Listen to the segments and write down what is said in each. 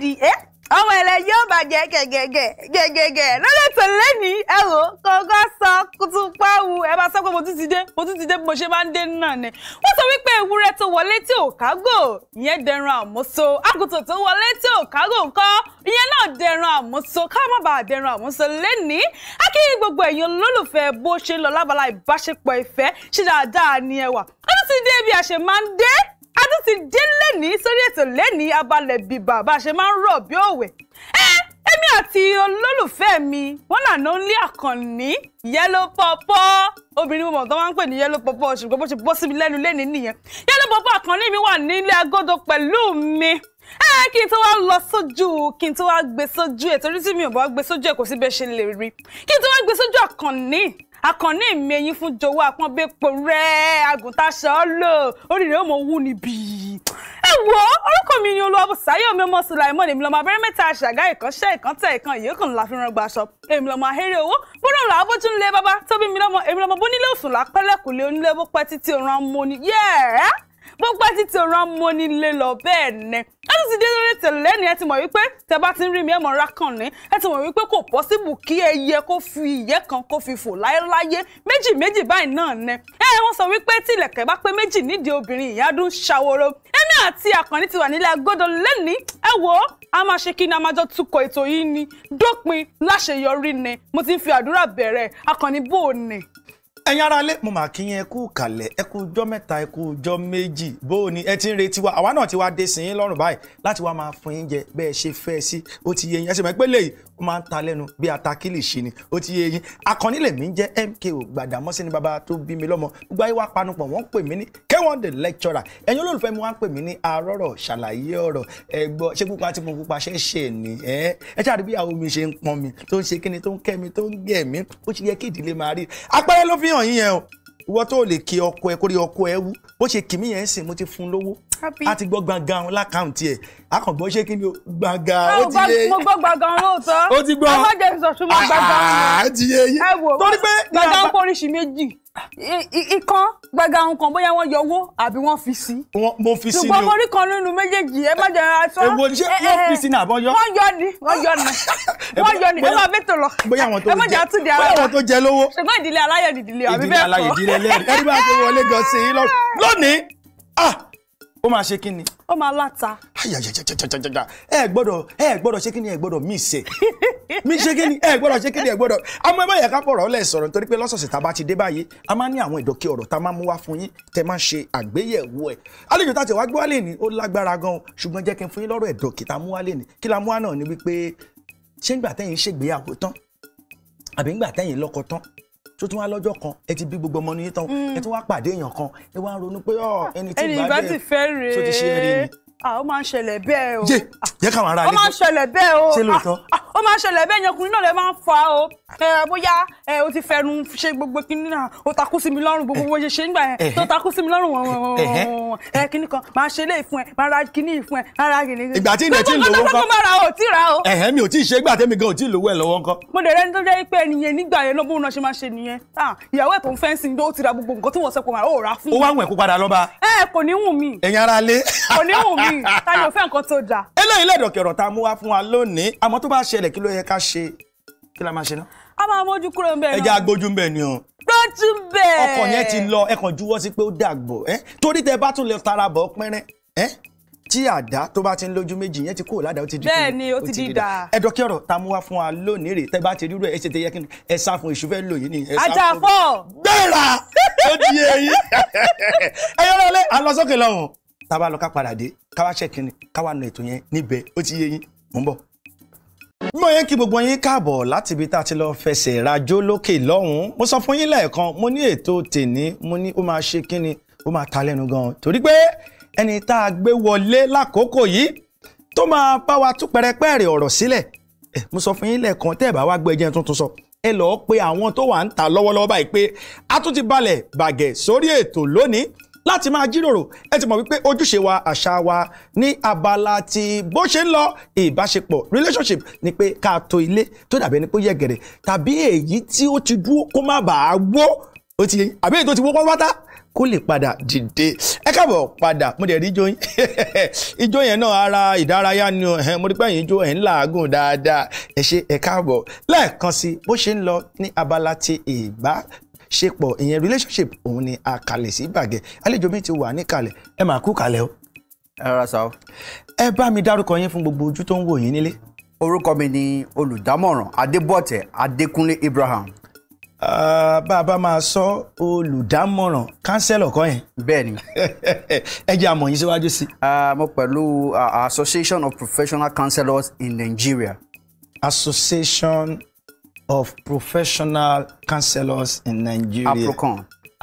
lẹ́dí ẹ́ eh? ọmọ ẹlẹ́yìn ó bàjẹ́ gẹ̀gẹ̀gẹ̀ gẹ̀gẹ̀gẹ̀ lórí ètò lẹ́nìí ẹ wò kọ́ńgọ́ sọ kutu pàwù ẹ bá sọ pé mo tún ti dé mo tún ti dé bí mo ṣe máa ń dé náà ni. wọ́n sọ wípé ewúrẹ́ tó wọlé tí ò kágò ìyẹn dẹran àmúso àgùntò tó wọlé tí ò kágò ńkọ́ ìyẹn náà dẹran àmúso ká má bàa dẹran àmúso lẹ́nìí. a kí gbogbo èèyàn lólùfẹ́ bó ṣe lọ lábala ìbáṣepọ̀ ìfẹ́ ṣe dáadáa ni ẹwà ó tún ti dé bí a ṣe máa tó ti dé lẹ́nìí sórí ètò lẹ́nìí abalẹ̀ bìbà bá a ṣe máa ń rọ̀ bí òwe. ẹ èmi àti olólùfẹ́ mi wọ́n là ló ń lé àkànní yẹ́lò pọ́pọ́ obìnrin mo mọ̀ tó máa ń pè ní yẹ́lò pọ́pọ́ ṣùgbọ́n bó ṣe bọ́ sí mi lẹ́nu lẹ́nìí nìyẹn yẹ́lò pọ́pọ́ àkànní mi wà nílé agodo pẹ̀lú mi ẹ kí n tó wá lọ sójú kí n tó wá gbé sójú ẹ torí tí mi ò bá gbé sójú ẹ kò sí bẹ ṣe lè rí kí n tó wá gbé sójú àkànní àkànní ìmẹ̀yìn fún jọ̀wọ́ àpọ́nbépo rẹ̀ àgùntàṣà ọ̀lọ́ oríire ó mọ owó níbí. ẹ wo orúkọ mi ni olúwa bùsáyọ̀ mi ọmọ sùláìmọ́ èmi lọ́mọ abẹ́rẹ́ mẹ́ta àṣàgá ìkọ́ṣẹ́ ìkọ́ntẹ́ ìkan ìyókù ńlá fi rán gba aṣọ èmi lọ́mọ ahéré owó bọ́dọ̀ là abójú ńlẹ̀ bàbá tóbi mi lọ́mọ èmi lọ́mọ bónílé òsùn lápẹ́lẹ̀kùlé onílé bó pẹ́ títí òran mọ́ni Yeah gbogbo ẹtí tí òran mo ní lé lọ bẹ́ẹ̀ ni ẹ tún ti dé lórí tẹ̀lé ni ẹ ti mọ̀ wípé tẹ bá ti ń rí mi ẹ mọ̀ ra kàn ní ẹ ti mọ̀ wípé kò pọ́síbù kí ẹyẹ kó fi ìyẹ́ kan kó fi fò láéláyé méjì méjì báyìí náà ni ẹ wọ́n sọ wípé tí ilẹ̀kẹ̀ bá pé méjì nídìí obìnrin ìyádùn ṣàwòrò èmi àti àkànní ti wà nílé agodo lẹ́ni ẹ wò ó a máa ṣe kí ni a máa jọ tukọ̀ ètò yìí ni dópin láṣeyọrí ni mo ti ń fi àdúrà bẹ̀rẹ̀ àkànní bò ní ẹ̀yin ará ilé mo mà kí yín ẹ kú kàlẹ̀ ẹ kú ọjọ́ mẹ́ta ẹ kú ọjọ́ méjì bó o ní ẹ ti ń retí wa àwa náà ti wá dé sí yín lọ́rùn báyìí láti wá máa fún yín jẹ bẹ́ẹ̀ ṣe fẹ́ sí ó ti yé yín ẹ sì mọ̀ pé léyìí ó máa ń ta lẹ́nu bí ata kílìṣì ni ó ti yé yín akọni lèmi ń jẹ́ MKO Gbàdámọ́sí ni bàbá tó bí mi lọ́mọ gbogbo ayé wa panupọ̀ wọ́n ń pè mí ní K1 the lecturer ẹ̀yin olólùfẹ́ mi wá ń pè mí ní arọ́rọ̀ ṣàlàyé ọ̀rọ̀ ẹ̀gbọ́ ṣé pupa tí mo pupa ṣe ṣe ni ẹ ẹ ṣáà rí bí àwọn omi ṣe ń pọn mi tó ń ṣe kíni tó ń kẹ́ mi tó ń gẹ̀ mí ó ti yẹ kí ìdílé máa rí apẹ́rẹ́ ló fi hàn yín yẹn o ìwọ tó lè kí ọkọ ẹ kórè ọkọ ẹ wú bó ṣe kì a ti gbọ́ gbàngàn lákàntì ẹ̀ a kàn gbọ́ ṣé kí ni o gbàngàn ó ti yé mo gbọ́ gbàngàn lóòótọ́ ó ti gbọ́ ọmọ james ọ̀ṣunmọ̀ gbàngàn ah, ó ti yé yé torí pé gbàngàn kó oríṣi méjì ìkan gbàngàn kan bóyá wọ́n yọwó àbí wọ́n fi sí. mo fi sí ni o ṣùgbọ́n mo kan nínú méjèèjì ẹ má jẹ aṣọ. èwo ṣé wọ́n fi sí ni àbọ̀ yọ. wọ́n yọ ni wọ́n yọ ni wọ́n yọ ni ẹ máa bẹ́tò lọ. bóyá àwọn jẹ bóyá àwọn tó ṣùgbọ́n ìdílé aláyọ̀ ìdílé àbí bẹ́ẹ̀ kọ́. ìdílé aláyọ̀ ìdílé ẹlẹ́rìí. ẹ ó máa ṣe kí ni. ó máa láta. ayàjàjàjàjàjà ẹ gbọ́dọ̀ ẹ gbọ́dọ̀ ṣe kí ni ẹ gbọ́dọ̀ mí ṣe mí ṣe kí ni ẹ gbọ́dọ̀ ṣe kí ni ẹ gbọ́dọ̀ àmọ́ ẹ bá yẹ ká pọ̀rọ̀ ọlẹ́ sọ̀rọ̀ nítorí pé lọ́sọ̀ọ̀sẹ̀ tá a bá ti dé báyìí a máa ní àwọn ìdọ̀kẹ́ ọ̀rọ̀ tá a máa mú wá fún yín tẹ máa ṣe àgbéyẹ̀wò ẹ̀ àlejò tá a ti wá gbé wálé ni ó lágbára gan ṣùgbọ́n jẹ́ kí n fún ni kí la mú wá náà ni wípé ṣé ń gbà tẹ́yìn tó tún wá lọ́jọ́ kan ẹ ti bí gbogbo ọmọ nìyí tán mm. ẹ tún wá pàdé èèyàn kan ẹ wá ronú pé ẹni tí ìbá dé tó ti ah, ó máa ń ṣẹlẹ̀ bẹ́ẹ̀ o. Ah, ó máa ń ṣẹlẹ̀ bẹ́ẹ̀ o ó máa ṣẹlẹ̀ bẹ́ẹ̀ yẹn ọkùnrin náà lè máa ń fa o bóyá o ti fẹnu ṣe gbogbo kinní náà o takú sí mi lọ́rùn gbogbo ṣe ṣe nígbà yẹn tó takú sí mi lọ́rùn wọ̀n ẹ kinní kan máa ṣe lé ìfún ẹ máa ra kinní ìfún ẹ máa ra kinní. ìgbà tí ilẹ̀ tí ń lówó ńkọ́ ẹ̀hẹ́ mi ò tí ì ṣe ìgbà tẹ́mi gan ò tí ì lówó ẹ̀ lọ́wọ́ ńkọ́. mo dẹ̀ rẹ́ni tó jẹ́ pé ẹnìyẹn nígbà yẹn náà náà ṣe máa ṣe nìyẹn ìyàwó ẹ̀ fẹ́ sí i ti ra gbogbo nǹkan tí wọ́n sọ pé màá ò rà fún mi. ó wá wẹ̀ kó padà lọ́ba. ẹ kò ní wù mí. ẹ̀yin ara lé. kò ní wù mí ta ò fẹ́ nǹkan tó dáa. eléyìí lẹ́dọ̀kẹ̀rọ̀ ta mú wá fún wa lónìí àmọ́ tó bá ṣe ṣẹlẹ̀ kí ló yẹ ká ṣe kí la máa ṣe náà. a máa mójú kúrò ńbẹ náà. ẹja agbójú ńbẹ ni o. lójú ńbẹ. ọkọ yẹn ti lọ ẹ kàn juwọ́ sí pé ó dàgbọ̀ ẹ torí tẹ bá tún lè tara bọ̀ pẹ́rẹ́ ẹ tí àdá tó bá ti ń lójú méjì yẹn ti kúrò ládàá ó ti di kúrò bẹ́ẹ̀ ó ti di dà. ẹ dọkẹ́ ọ̀rọ̀ ta mú wá fún wa lónìí rè tẹ́ bá ti rírú ẹ̀ ṣe yẹ kí ni ẹ sá fún èṣù fẹ́ lò yìí ni. àjàfọ́. gbéra ó di èyí ẹyọ lọlé alọsọkè lọhùn tá a bá lọ ká padà dé ká wá ṣèkínni ká wá nu ètò yẹn níbẹ̀ ó ti yé yín mò ń mo yẹn kí gbogbo yín káàbọ̀ láti ibi tá a ti lọ fẹsẹ̀ rajó lókè lọ́hùn-ún mo sọ fún yín lẹ́ẹ̀kan mo ní ètò tèní mo ní ó máa ṣe kíni ó máa ta lẹ́nu gan-an torí pé ẹni tá a gbé wọlé lákòókò yìí tó máa bá wa tú pẹrẹpẹrẹ ọ̀rọ̀ sílẹ̀ eh, mo sọ fún yín lẹ́ẹ̀kan tẹ́ ẹ̀ bá wá gbé ẹjẹ́ tuntun sọ ẹ lọ́ọ́ pe àwọn tó wà ń ta lọ́wọ́lọ́wọ́ báyìí pé a tún ti balẹ̀ bàgẹ́ sórí ètò lónìí láti máa jíròrò ẹ ti mọ̀ wípé ojúṣe wa àṣà wa ní abala ti bó ṣe ń lọ ìbáṣepọ̀ relationship ni pé ká tó ilé tó dàbí ẹni pé ó yẹ̀gẹ̀rẹ̀ tàbí èyí tí ó ti dúró kó má bàa wó ó ti àbí èyí tó ti wó pátá kó lè padà dìde ẹ káàbọ̀ padà mo dẹ̀ rí ijó yín ijó yẹn náà ara ìdárayá ni ẹ̀hẹ́n mo rí pé ẹ̀yin ijó làágùn dáadáa ẹ ṣé ẹ káàbọ̀ lẹ́ẹ̀kan sí bó ṣe ń lọ ní abala ti ìbá ṣe pọ̀ ìyẹn relationship òun ni a kalẹ̀ sí gbàgẹ́ àlejò mi ti wà níkàlẹ̀ ẹ máa kú kalẹ̀ o. ẹ rárá sa o. ẹ bá mi dárúkọ yín fún gbogbo ojú tó ń wò yín nílé. orúkọ mi ni olùdámọ̀ràn adébọ̀tẹ̀ adékúnlé Abraham. Uh, bá a bá máa sọ olùdámọ̀ràn kánsẹ́lọ̀ kan yẹn. bẹ́ẹ̀ni. ẹ jẹ́ àmọ̀ yín síwájú sí. mo pẹ̀lú Association of Professional Counselors in Nigeria. Association of professional counselors in Nigeria. aprocon.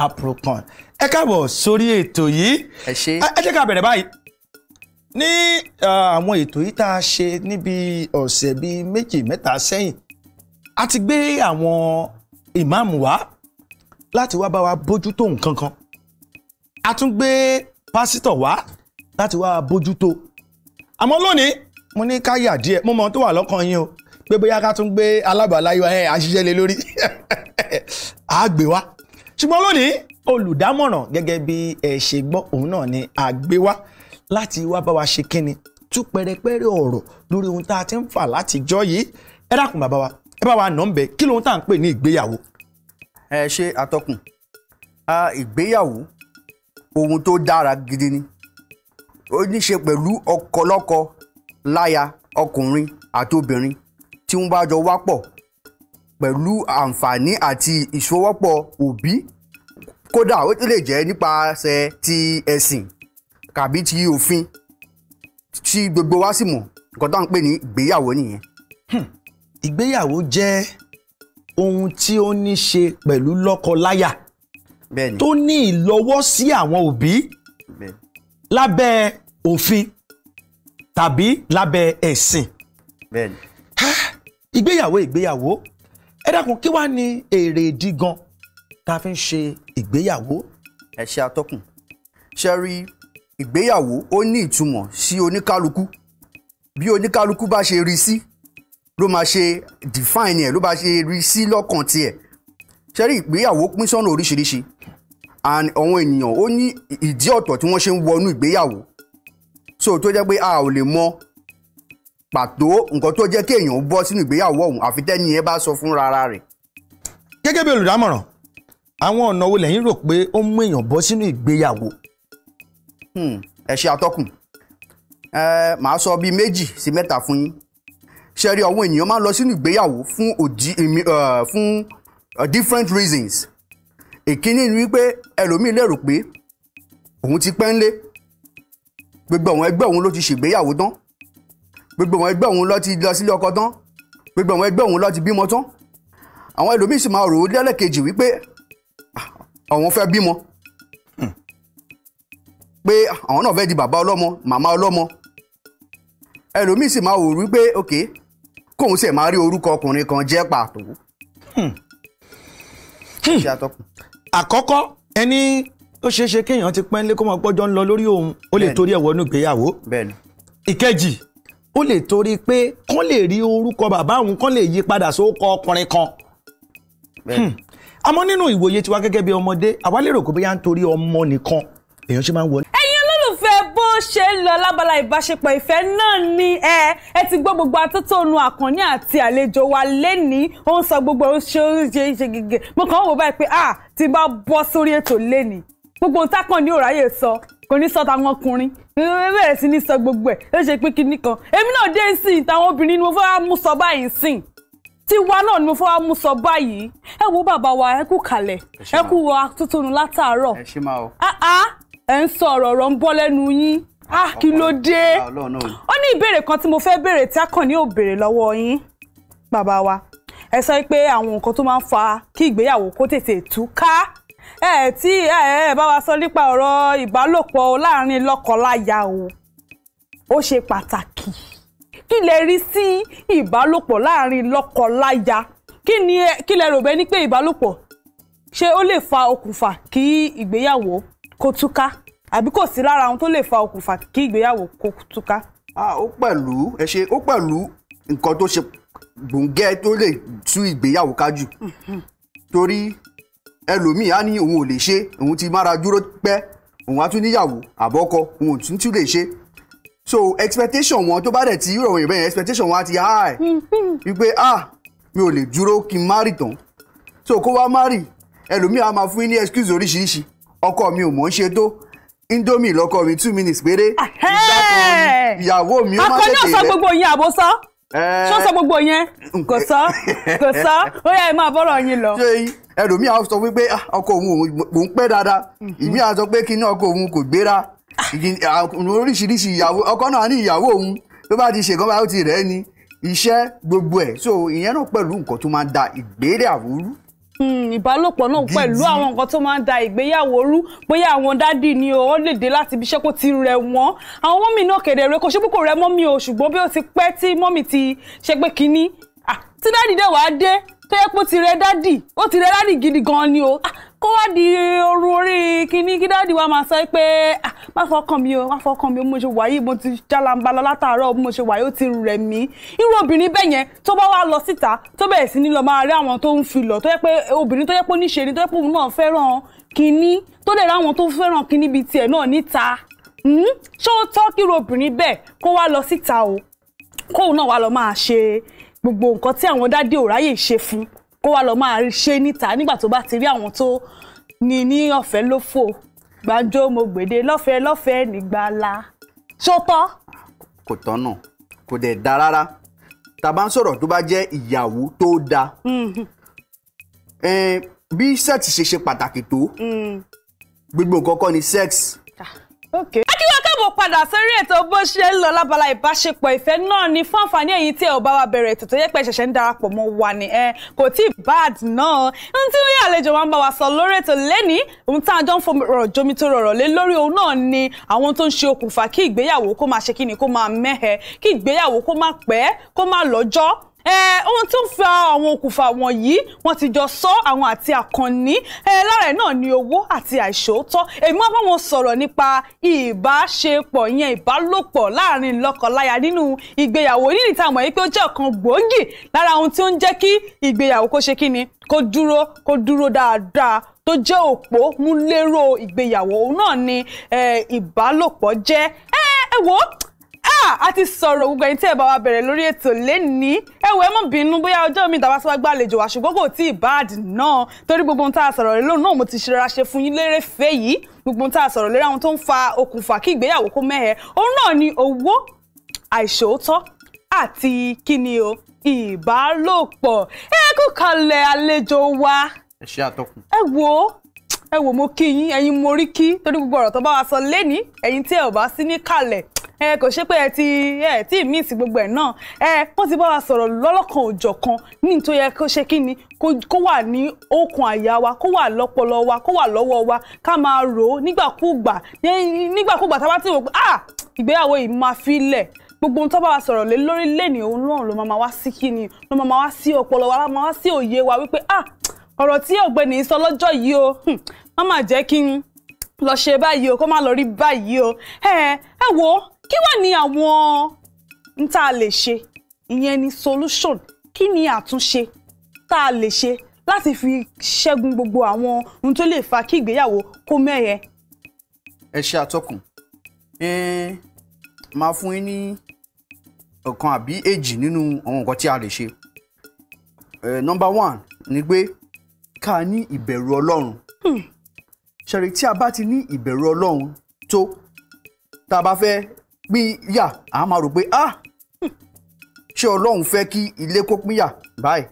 aprocon. ẹ káàbọ̀ sórí ètò yìí. ẹ ṣe. ẹ jẹ́ ká bẹ̀rẹ̀ báyìí ní àwọn ètò yìí tá a ṣe níbi ọ̀sẹ̀ bíi méjì mẹ́ta sẹ́yìn a ti gbé àwọn ìmáàmù wá láti wá bá wa bójútó nǹkan kan a tún gbé pásítọ̀ wá láti wá bójútó àmọ́ lónìí mo ní ká yà díẹ̀ mo mọ tó wà lọ́kàn yín o pé bóyá ká tún gbé alábàáláyé wa ẹ̀ à ń ṣiṣẹ́ lé lórí à á gbé wá ṣùgbọ́n lónìí olùdámọ̀ràn gẹ́gẹ́ bí ẹ ṣe gbọ́ òun náà ni à gbé wá láti wá bá wa ṣe kíni tú pẹrẹpẹrẹ ọ̀rọ̀ lórí ohun tá a ti ń fà látijọ́ yìí ẹ dákun bàbá wa ẹ bá wa nà ń bẹ kí lóhun tá à ń pè ní ìgbéyàwó. ẹ ṣe atọ́kùn ìgbéyàwó ohun tó dára gidi ni ó ní ṣe pẹ̀lú ọkọ láya ọkùnrin àti obìnrin tí wọ́n bá jọ wá pọ̀ pẹ̀lú àǹfààní àti ìṣọwọ́pọ̀ òbí kódà ó lè jẹ́ nípasẹ̀ ti ẹ̀sìn tàbí ti òfin tí gbogbo wa sì mọ̀ nǹkan tá à ń pè ní ìgbéyàwó nìyẹn. Hmm. ìgbéyàwó jẹ́ ohun tí ó ní ṣe pẹ̀lú lọ́kọ-láyà tó ní ìlọ́wọ́ sí àwọn òbí lábẹ́ òfin tàbí lábẹ́ ẹ̀sìn ìgbéyàwó ìgbéyàwó ẹ dákun kí wàá ní èrè ìdí gan tá a fi ń ṣe ìgbéyàwó. ẹ ṣe atọ́kùn ṣe rí ìgbéyàwó ó ní ìtumọ̀ sí oníkálukú bí oníkálukú bá ṣe rí sí ló máa ṣe define ẹ̀ ló bá ṣe rí sí lọ́kàn tiẹ̀ ṣe rí ìgbéyàwó pín sọ́nà oríṣiríṣi and àwọn ènìyàn ó ní ìdí ọ̀tọ̀ tí wọ́n ṣe ń wọnú ìgbéyàwó so tó jẹ́ pé a ò lè mọ pàtó nǹkan tó jẹ́ kéèyàn bọ́ sínú ìgbéyàwó ọ̀hún àfi tẹ́ni ẹ bá sọ fún rárá rẹ̀. gẹ́gẹ́ bí olùdámọ̀ràn àwọn ọ̀nà wo lẹ́yìn rò pé ó mú èèyàn bọ́ sínú ìgbéyàwó. Hmm, ẹ ṣe atọ́kùn ẹ màá sọ bíi méjì sí mẹ́ta fún yín ṣe rí àwọn ènìyàn máa ń lọ sínú ìgbéyàwó fún òdì fún different reasons ìkíní ni wípé ẹlòmíín lérò pé òun ti pẹ́ ńlé gbogbo àwọn ẹgbẹ́ òun ló ti ṣègbéyàwó tán gbogbo àwọn ẹgbẹ́ òun ló ti lọ sílé ọkọ tán gbogbo àwọn ẹgbẹ́ òun ló ti bímọ tán àwọn ẹlòmíín sì máa rò ó lẹ́lẹ́kejì wípé ah, àwọn fẹ́ bímọ hmm. pé ah, àwọn náà fẹ́ di bàbá ọlọ́mọ màmá ọlọ́mọ ẹlòmíín sì máa rò wípé ok kóun sì máa rí orúkọ ọkùnrin kan jẹ́ pàtó. Hmm. Hmm. àkọ́kọ́ ẹni ó ṣeé ṣe kéèyàn ti pẹ́ńlé kó máa gbọ́jọ́ ń lọ lórí òun ó lè torí ẹ̀wọ́ ìgbéyàwó ìkejì ó lè torí pé kán lè rí orúkọ bàbá òun kán lè yí padà sókọ ọkùnrin kan hmm. Hmm. àmọ́ nínú ìwòye tiwa gẹ́gẹ́ bí ọmọdé àwa lérò pé bóyá nítorí ọmọ nìkan èèyàn ṣe máa ń wọlé. ẹ̀yin olólùfẹ́ bó ṣe ń lọ lábala ìbáṣepọ̀ ìfẹ́ náà ni ẹ ẹ ti gbọ́ gbogbo atótónu àkànní àti àlejò wa lẹ́ni ó ń sọ gbogbo ṣe oríṣi ṣe gègé mo kàn ń wò báyìí pé ah ti bá bọ́ sórí ètò lẹ́ni gbogbo ohun tákàn ní òráyè kò ní sọ táwọn ọkùnrin bẹ̀rẹ̀ sí ní sọ gbogbo ẹ̀ ó ṣe pé kinní kan èmi náà dé sí i táwọn obìnrin ni mo fẹ́ wá mú sọ báyìí sí i tiwa náà ni mo fẹ́ wá mú sọ báyìí ẹ wo bàbá wa ẹ kú kalẹ̀ ẹ kú wa tuntun látàárọ̀ ẹ o ah, ah, ẹ ń sọ ọ̀rọ̀ ọ̀rọ̀ ń bọ́ lẹ́nu yín ah kí ló dé ó ní ìbéèrè kan tí mo fẹ́ béèrè tí akànnì ò béèrè lọ́wọ́ yín bàbá wa ẹ sọ pé àwọn nǹkan tó máa ń fa kí ìgbéyàwó kó tètè tú ká ẹ tí ẹ ẹ bá wa sọ nípa ọ̀rọ̀ ìbálòpọ̀ láàrin lọ́kọláya o ó ṣe pàtàkì kí lẹ rí sí ìbálòpọ̀ láàrin lọ́kọláya kí ni kí lẹ rò bẹ́ẹ̀ ni pé ìbálòpọ̀ ṣé ó lè fa okùnfà kí ìgbéyàwó kó túká àbí kò sí lára ohun tó lè fa okùnfà kí ìgbéyàwó kó túká. ó pẹ̀lú ẹ ṣe ó pẹ̀lú nǹkan tó ṣe gbòǹgẹ́ tó lè tú ìgbéyàwó kájú mm-hmm. torí ẹlòmíì á ní òun ò lè ṣe òun ti mára dúró pẹ́ òun á tún níyàwó àbọ́kọ òun ò tún tún lè ṣe so expectation wọn tó bá dẹ̀ ti rọ̀ wọ̀nyí bẹ́ẹ̀ expectation wọn á ti high wípé ah mi ò lè dúró kí n má tán so kó wá má rì ẹlòmíì á máa fún yín ní excuse oríṣiríṣi ọkọ mi ò mọ̀ ń ṣe tó indomie lọkọ mi two minutes péré ìyàwó mi ó má tètè rẹ akọ náà sọ gbogbo yín àbó sọ eh. ṣó sọ gbogbo yẹn kò sọ kò sọ ó yá ẹ máa bọ́rọ̀ yín lọ ẹlòmíì á sọ wípé ah, ọkọ òun ò ń pẹ́ dáadáa mhm. ìmí á sọ pé kí ní ọkọ òun kò gbéra oríṣiríṣi ìyàwó ọkọ náà ní ìyàwó òun ló bá ti ṣèkan báyìí ó ti rẹ̀ ni iṣẹ́ gbogbo ẹ̀ so ìyẹn náà pẹ̀lú nǹkan tó máa ń da ìgbéyàwó rú hmm, ìbálòpọ̀ náà pẹ̀lú àwọn nǹkan tó máa ń da ìgbéyàwó rú bóyá àwọn dádì ni ó lè dé láti ibiṣẹ́ kó ti rẹ̀ wọ́n àwọn mọ́mì náà kẹ̀dẹ̀ rẹ kò ṣe rẹ mọ́mì o ṣùgbọ́n bí ó ti pẹ́ tí mọ́mì ti ṣe pé kínní tí dádì dẹ̀ wá dé tó yẹ pé ti rẹ dádì ó ti rẹ dádì gidi gan ni o ah, kó wá di oru orí kíní kí dádì wa máa sọ pé ah, má fọkàn mi o má fọkàn mi o mo ṣe wàyí mo ti jálàmbá lọ látàárọ̀ mo ṣe wàyí ó ti rẹ̀ mí irú obìnrin bẹ́ẹ̀ yẹn tó bá wá lọ síta tó bẹ̀rẹ̀ sí ní lọ máa rí àwọn tó ń fi lọ tó yẹ pé obìnrin tó yẹ pé oníṣe ni tó yẹ pé òun náà fẹ́ràn kíní tó lè ráwọn tó fẹ́ràn kíní bíi tiẹ̀ náà níta hmm? ṣé ó tọ́ kí irú obìnrin bẹ́ẹ̀ kó wá lọ síta o kóun náà wá lọ máa ṣe gbogbo nǹkan tí àwọn dádì ò ṣe fún kó wá lọ máa ṣe níta nígbà tó bá ti rí àwọn tó ní ní ọ̀fẹ́ ló fò mo gbèdé lọ́fẹ̀ẹ́ lọ́fẹ̀ẹ́ nígbàlá ṣótọ́. kò tọ́nà kò dẹ̀ da rárá tá ń sọ̀rọ̀ tó bá jẹ́ ìyàwó tó da mm-hmm. bí sẹ́ẹ̀tì ṣe ṣe pàtàkì tó mm. gbogbo nǹkan kọ́ ni sex. Ah, káàbọ̀ padà sórí ètò bó ṣe ń lọ lábala ìbáṣepọ̀ ìfẹ́ náà ni fún àǹfààní èyí tí ẹ ò bá wa bẹ̀rẹ̀ ètò tó yẹ pé ṣẹ̀ṣẹ̀ ń darapọ̀ mọ́ wa ni ẹ kò tí ì bad náà ohun tí wíyà àlejò máa ń bá wa sọ lórí ètò lẹ́ni ohun tá a jọ ń fọ ọ̀rọ̀ jomi tó rọrọ̀ lé lórí òun náà ni àwọn tó ń ṣe okùnfà kí ìgbéyàwó kó máa ṣe kí ni kó máa mẹ́hẹ kí ìgbéyàwó kó máa pẹ́ kó máa lọ́jọ́ ohun tó ń fa àwọn okùnfà wọ̀nyí wọ́n ti jọ sọ àwọn àti àkànní lára ẹ̀ náà ni owó àti àìṣòótọ́ èmi wá bá wọn sọ̀rọ̀ nípa ìbáṣepọ̀ yẹn ìbálòpọ̀ láàrin lọ́kọláya nínú ìgbéyàwó nídìí táwọn yìí pé ó jẹ́ ọ̀kan gbòógì lára ohun tí ó ń jẹ́ kí ìgbéyàwó kó ṣe kí ni kó dúró kó dúró dáadáa tó jẹ́ òpó múlérò ìgbéyàwó náà ni ìbálòpọ̀ jẹ́ ẹ wò ó Ah, a ti sọ̀rọ̀ gbogbo ẹ̀yin tí ẹ bá wa bẹ̀rẹ̀ lórí ètò lẹ́ni ẹ wò ẹ má bínú bóyá ọjọ́ mi ìdàbà sí wàá gbàlejò wa ṣùgbọ́n kò tí ì báàdì náà torí gbogbo ohun tá a sọ̀rọ̀ rẹ lónìí náà mo ti ṣe rárá ṣe fún yín lérè fẹ́ yìí gbogbo ohun tá a sọ̀rọ̀ lórí àwọn tó ń fa okùnfà kí ìgbéyàwó kó mẹ́hẹ̀ òun náà ni owó àìṣòótọ́ àti kíni o ìbálòpọ̀ ẹ kú kalẹ̀ àlejò wa ẹ ṣe àtọkùn ẹ wò ẹ wò mo kí yín ẹ̀yin mo rí kí torí gbogbo ọ̀rọ̀ tó bá wa sọ lẹ́ni ẹ̀yin tí ẹ ò bá sí níkàlẹ̀ ẹ kò ṣe pé ẹ ti ẹ tí miss gbogbo ẹ náà ẹ wọ́n ti bá wa sọ̀rọ̀ lọ́lọ́kan òjọ̀kan ní tó yẹ kó ṣe kí ni kó wà ní okùn àyà wa kó wà lọ́pọlọ wa kó wà lọ́wọ́ wa ká máa rò ó nígbàkúùgbà nígbàkúùgbà tá a bá ti wò pé ah ìgbéyàwó yìí máa fi lẹ̀ gbogbo ohun tó bá wa sọ̀rọ̀ lé lórí lẹ́nìí òun náà ló máa wá sí kí ni ló máa wá sí ọpọlọ wa ló máa wá sí òye wa wípé ah ọ̀rọ̀ tí ọ̀gbẹ́ni sọ lọ́jọ́ yìí o hmm, má má jẹ́ kí n lọ ṣe báyìí o kó má lọ rí báyìí o ẹ ẹ wo kí wà ní àwọn n tá a lè ṣe ìyẹn ni solution kí ni àtúnṣe tá a lè ṣe láti fi ṣẹ́gun gbogbo àwọn ohun tó lè fa kí ìgbéyàwó kó mẹ́yẹ. ẹ ṣe àtọkùn máa fún yín ní ọ̀kan àbí èjì nínú àwọn nǹkan tí a lè ṣe number one ni pé ká ní ìbẹ̀rù ọlọ́run hmm. ṣẹ̀rí tí a bá ti ní ìbẹ̀rù ọlọ́run tó tá a bá fẹ́ bí yà á máa rò pé ah ṣé ọlọ́run fẹ́ kí ilé kó pínyà báyìí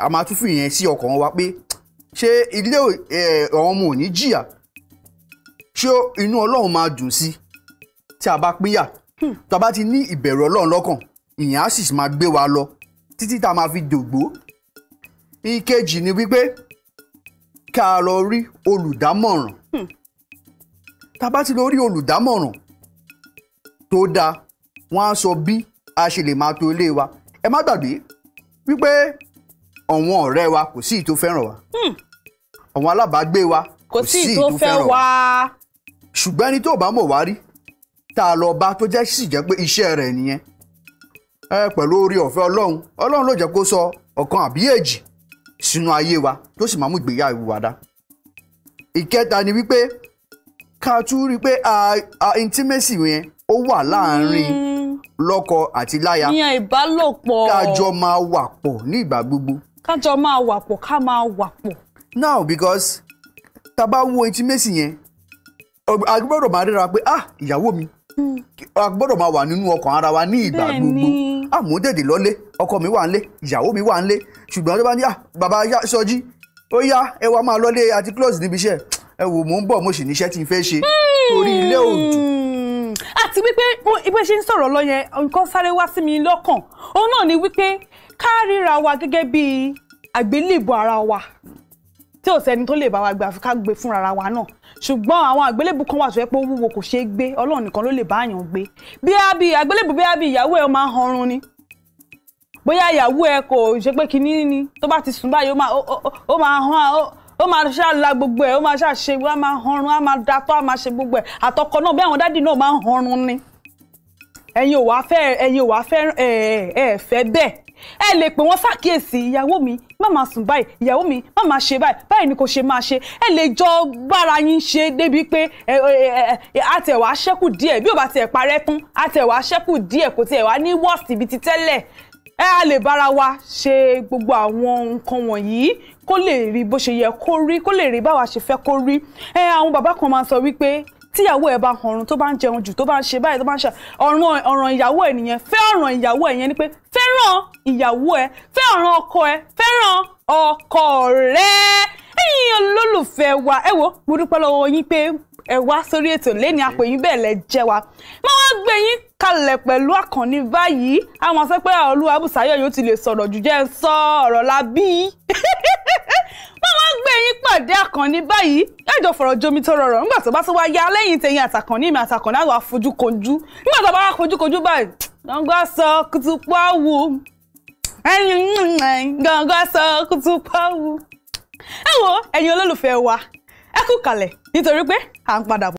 a máa tún fi yẹn sí ọkàn wa pé ṣé ilé ọ̀hún ọmọ ò ní jìyà ṣé inú ọlọ́run máa dùn sí tí a bá pínyà tá a bá ti ní ìbẹ̀rù ọlọ́run lọ́kàn ìyẹn á sì máa gbé wa lọ títí tá a máa fi dògbó ìkejì ni wípé ká lọ rí olùdámọ̀ràn tá a bá ti lọ rí olùdámọ̀ràn tó dáa wọ́n á sọ bí a ṣe lè máa tò ilé wa ẹ má gbàgbé wípé àwọn ọ̀rẹ́ wa kò sí ìtò fẹ́ràn wa hmm. àwọn alábàágbé wa kò sí ìtò fẹ́ràn wa ṣùgbọ́n ẹni tó bá mọ̀ wá rí tá a lọ bá tó jẹ́ sì jẹ́ pé iṣẹ́ rẹ̀ nìyẹn pẹ̀lú orí ọ̀fẹ́ ọlọ́run ọlọ́run ló jẹ́ kó sọ ọ̀kan àbí èjì sínú ayé wa tó sì máa mú ìgbéyàwó wa dá ìkẹta ni wípé ká tún rí i pé intimacy yẹn ó wà láàárín hmm. lọ́kọ àti láya ìyẹn ìbálòpọ̀ kájọ máa wà pọ̀ ní ìgbà gbogbo. kájọ máa wà pọ̀ ká máa wà pọ̀. now because tá bá wo etí mẹ́sì yẹn a gbọ́dọ̀ máa ríra pé ah ìyàwó mi hmm. a gbọ́dọ̀ máa wà nínú ọkàn ara wa ní ìgbà gbogbo àmọ́ ah, tètè lọ́lé ọkọ mi wà nílé ìyàwó mi wà nílé ṣùgbọ́n tó bá ní ah bàbá sọjí ó yá ẹ wá máa lọ́lé àti close níbi iṣẹ́ ẹ wò mò ń bọ̀ mo sì níṣẹ́ tí n fẹ́ ṣe hmm. torí ilé òdù àti wípé ìgbẹ́ ṣe ń sọ̀rọ̀ lọ yẹn nǹkan sáré wá sí mi lọ́kàn òun náà ni wípé ká ríra wa gẹ́gẹ́ bí àgbélébù ara wa tí ò sẹ́ni tó lè bá wa gbé ká gbé fúnra wa náà ṣùgbọ́n àwọn àgbélébù kan wà tó yẹ pé wúwo kò ṣeé gbé ọlọ́run nìkan ló lè bá àyàn gbé bí a bí àgbélébù bí ìyàwó ẹ̀ máa ń hanrun ni bóyá ìyàwó ẹ̀ kò ṣe pé kinní ni tó bá ti sùn báyìí ó máa hàn ó máa ṣá la gbogbo ẹ̀ ó máa ṣá ṣe wá máa hanrun á máa datọ́ á máa ṣe gbogbo ẹ̀ àtọkọ náà bí àwọn dádì náà máa ń hanrun ni ẹ̀yin ò wá fẹ́ ẹ̀yin ò wá fẹ́ ẹ̀ ẹ̀ fẹ́ bẹ́ẹ̀ ẹ lè pè wọ́n ṣàkíyèsí ìyàwó mi má máa sùn báyìí ìyàwó mi má máa ṣe báyìí báyìí ni kò ṣe máa ṣe ẹ lè jọ bára yín ṣe débi pé ẹ ẹ àtẹ̀wá ṣẹ́kù díẹ̀ bí ò bá tiẹ̀ parẹ́ tán àtẹ̀wá ṣẹ́kù díẹ̀ kò tiẹ̀ wá ní wọ́ọ̀sì ibi ti tẹ́lẹ̀ ẹ a lè bára wa ṣe gbogbo àwọn nǹkan wọ̀nyí kó lè rí bó ṣe yẹ kó rí kó lè rí báwa ṣe fẹ́ kó rí ẹ àwọn bàbá kan máa ń sọ wípé tíyàwó ẹ bá ọrùn tó bá ń jẹun jù tó bá ń ṣe báyìí tó bá ń ṣe ọ̀ràn ọ̀ràn ìyàwó ẹ nìyẹn fẹ́ ọ̀ràn ìyàwó ẹ yẹn ni pé fẹ́ràn ìyàwó ẹ fẹ́ ọ̀ràn ọkọ ẹ fẹ́ràn ọkọ rẹ ẹ̀yin olólùfẹ́ wa ẹ wo mo dúpẹ́ lọ́wọ́ yín pé ẹ wá sórí ètò lẹ́ni àpèyìn bẹ́ẹ̀ lẹ jẹ́ wa máa wá gbé yín kalẹ̀ pẹ̀lú àkànní báyìí àwọn sọ pé olúwa Bùsáyọ̀ yóò ti lè sọ̀rọ̀ jù jẹ́ sọ ọ̀rọ̀ la bí máa wá gbé yín pàdé àkànní báyìí ẹjọ fọ̀rọ̀ jomi tó rọrọ̀ nígbà tó bá tó wá yá lẹ́yìn tẹ̀yìn àtàkànní mi àtàkànní àwọn afojúkojú nígbà tó bá wá fojúkojú báyìí gbọ̀ngàn sọ kùtùpá wù gbọ̀ngàn sọ kùtùpá wù ẹ wo ẹ̀yin olólùfẹ́ wa ẹ kú kalẹ̀ nítorí pé à ń padà bọ̀.